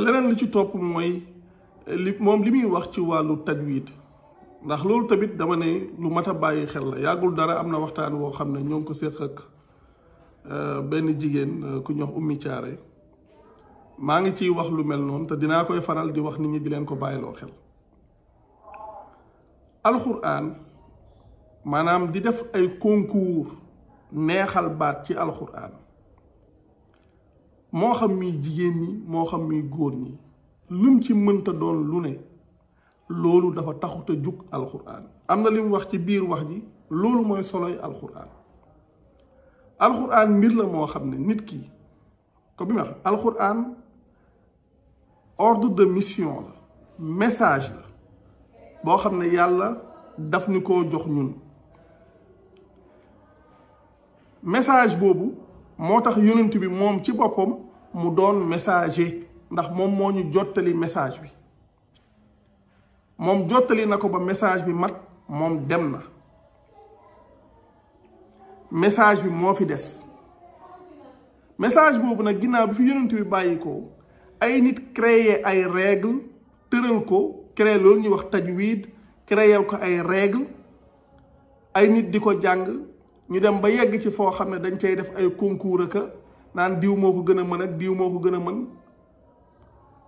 leneen li ci topp mooy li moom li muy wax ci wàllu tajwid ndax loolu tamit dama ne lu mat a bàyyi xel la yàggul dara am na waxtaan woo xam ne ñoo ngi ko séq ak benn jigéen ku ñox ummi caare maa ngi ciy wax lu mel noonu te dinaa koy faral di wax nit ñi di leen ko bàyyiloo xel alxuraan maanaam di def ay concours neexal baat ci alxuraan mo xam mi jigéen ñi moo xam mi góor ñi lum ci mënta doon lu ne loolu dafa taxut a jug alquran am na li wax ci biir wax ji loolu mooy soloy alquran alquran mbir la moo xam ne nit ki ko bi ma wax alquran ordre de mission la message la boo xam ne yàlla daf ni koo jox ñun message boobu moo tax yonent bi moom ci boppam mu doon messager ndax moom moo ñu jottali message bi moom jottali na ko ba message bi mat moom dem na message bi moo fi des message boobu nag ginnaaw bi fi yonent bi bàyyi ko ay nit créer ay règle tëral ko créer loolu ñuy wax tajwid créer ko ay règle ay nit di ko jàng ñu dem ba yegg ci foo xam ne dañ cay def ay concours ak naan diw moo ko gën a mën ak diw moo ko gën a mën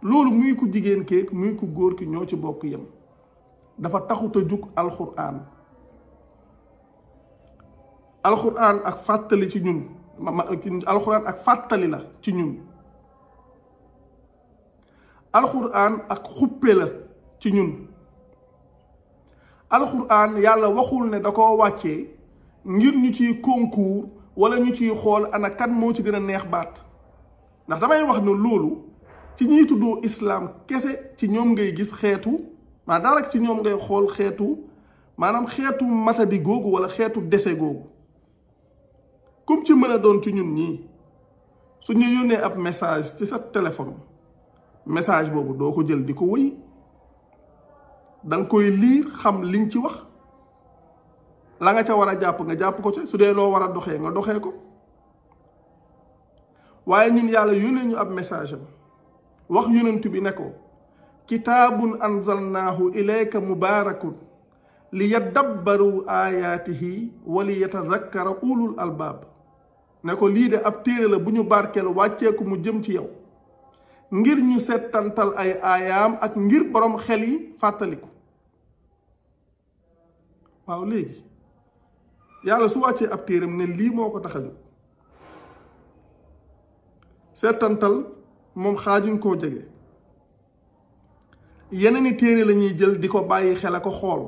loolu muy ku jigéen keeg muy ku góor ki ñoo ci bokk yem dafa taxut a jug alxuraan alxuraan ak fàttali ci ñun alxuraan ak fàttali la ci ñun alxuraan ak xuppe la ci ñun alxuraan yàlla waxul ne da koo wàccee ngir ñu ciy concours wala ñu ciy xool ana moo ci gën a neex baat ndax damay wax ne loolu ci ñuy tuddoo islaam kese ci ñoom ngay gis xeetu maa ci ñoom ngay xool xeetu maanaam xeetu matadi googu wala xeetu dese googu comme ci mën a doon ci ñun ñii su ñu yónnee ab message ci sa téléphone message boobu doo ko jël di ko wëy da koy liir xam liñ ci wax la nga ca wara jàpp nga jàpp ko ci sude lo wara doxé nga doxé ko waye ñun yàlla yónnee ñu ab message wax yonent bi neko kitabun anzalnahu ilayka mubarakun li yaddabbaru aayaatihi wa li yatazakkara ulul albab neko li de ab téré la buñu barkel wacce ko mu jëm ci yow ngir ñu sétantal ay ayam ak ngir borom xel yi fatali ko waaw léegi yàlla su wàccee ab téeram ne lii moo ko tax a jóg seetantal moom xaajuñ koo jege yeneeni téere lañuy jël di ko bàyyi xel a ko xool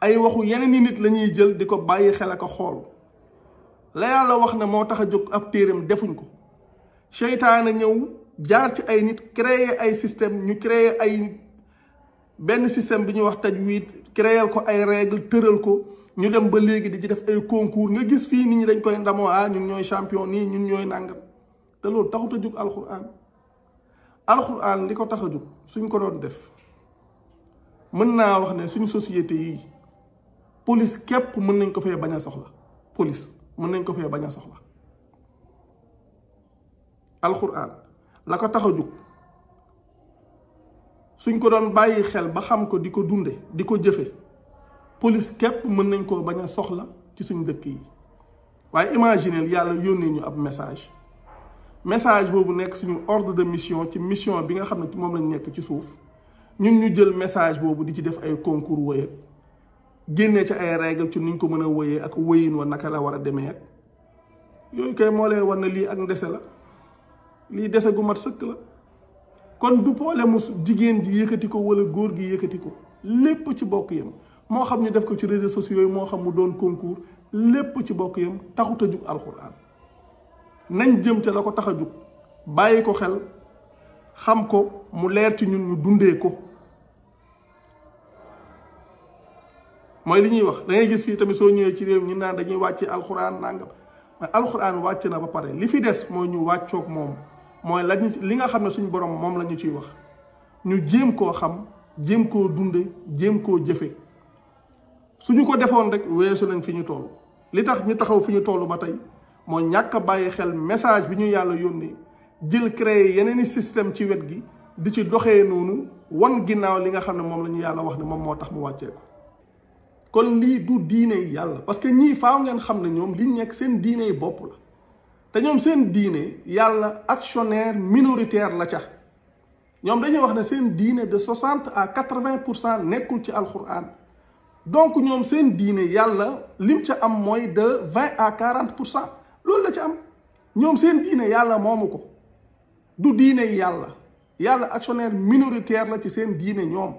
ay waxu yeneeni nit lañuy jël di ko bàyyi xel a ko xool la yàlla wax ne moo tax a jóg ab téeram defuñ ko seytaane ñëw jaar ci ay nit créer ay système ñu créer ay benn système bi ñuy wax tajwid créer ko ay règle tëral ko ñu dem ba légui di ci def ay concours nga gis fi nit ñi dañ koy ndamo ah ñun ñoy champion ni ñun ñoy nangam té lool taxu ta juk alcorane alcorane liko taxu juk suñ ko doon def mën na wax né suñ société yi police képp mën nañ ko fay baña a soxla police mën nañ ko fay baña soxla alcorane la ko tax juk suñ ko doon bayyi xel ba xam ko di dundé dunde di police képp mën nañ koo bañ a soxla ci suñ dëkk yi waaye imagineel yàlla yónnee ñu ab message message boobu nekk suñu ordre de mission ci mission bi nga xam ne ci moom lañu nekk ci suuf ñun ñu jël message boobu di ci def ay concours wëyëg génnee ci ay règle ci nuñ ko mën a wëyee ak wëyin wa naka la war a demee ak yooyu kay moo leen war na lii ak ndese la lii dese gu mat sëkk la kon du problème mu jigéen ji yëkkati ko wala góor gi yëkkati ko lépp ci bokk yam moo xam ñu def ko ci réseaux sociaux yi moo xam mu doon concours lépp ci bokk yam taxut a jug alxuraan nañ jëm ca la ko tax a jug bàyyi ko xel xam ko mu leer ci ñun ñu dundee ko mooy li ñuy wax da ngay gis fii tamit soo ñëwee ci réew ñu naan dañuy wàcce alxuraan nangam mais alxuraan wàcc na ba pare li fi des mooy ñu wàccoog moom mooy lañu li nga xam ne suñu borom moom la ñu ciy wax ñu jéem koo xam jéem koo dunde jéem koo jëfe suñu ko defoon rek weesu nañ fi ñu toll li tax ñu taxaw fi ñu toll ba tey moo ñàkk a bàyyi xel message bi ñu yàlla yónnee jël créer yeneeni système ci wet gi di ci doxee noonu wan ginnaaw li nga xam ne moom la ñu yàlla wax ne moom moo tax mu wàccee ko kon lii du diine yàlla parce que ñii faw ngeen xam ne ñoom li nekk seen diine yi bopp la te ñoom seen diine yàlla actionnaire minoritaire la ca ñoom dañuy wax ne seen diine de soixante à quatre-vingt pour cent nekkul ci alxuraan donc ñoom seen diine yàlla lim ca am mooy de vingt à quarante pour cent loolu la ca am ñoom seen diine yàlla moomu ko du diine yàlla yàlla actionnaire minoritaire la ci seen diine ñoom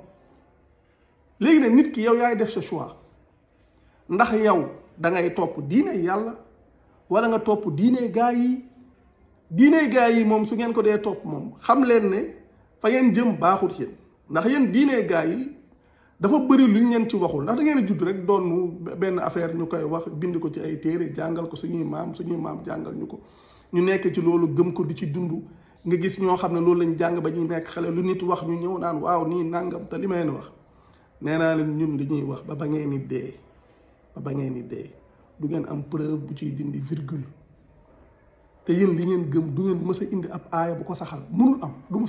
léegi nag nit ki yow yaay def sa choix ndax yow da ngay topp diine yàlla wala nga topp diine gaa yi diine gaa yi moom su ngeen ko dee topp moom xam leen ne fa ngeen jëm baaxut yéen ndax yéen diine gaa yi. dafa bëri luñ leen ci waxul ndax da ngeen judd rek doon doonu benn affaire ñu koy wax bind ko ci ay téere jàngal ko suñuy maam suñuy maam jàngal ñu ko ñu nekk ci loolu gëm ko di ci dundu nga gis ñoo xam ne loolu lañ jàng ba ñuy nekk xale lu nit wax ñu ñëw naan waaw nii nàngam te li may wax nee naa leen ñun li ñuy wax ba ba ngeen ni dee ba ba ngeen ni dee du ngeen am preuve bu ciy dindi virgule te yéen li ngeen gëm du ngeen mës indi ab aaya bu ko saxal mënul am du mu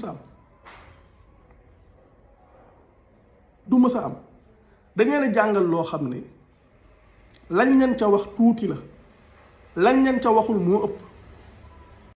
du mës a am da ngeen a jàngal loo xam ne lañ leen ca wax tuuti la lañ leen ca waxul moo ëpp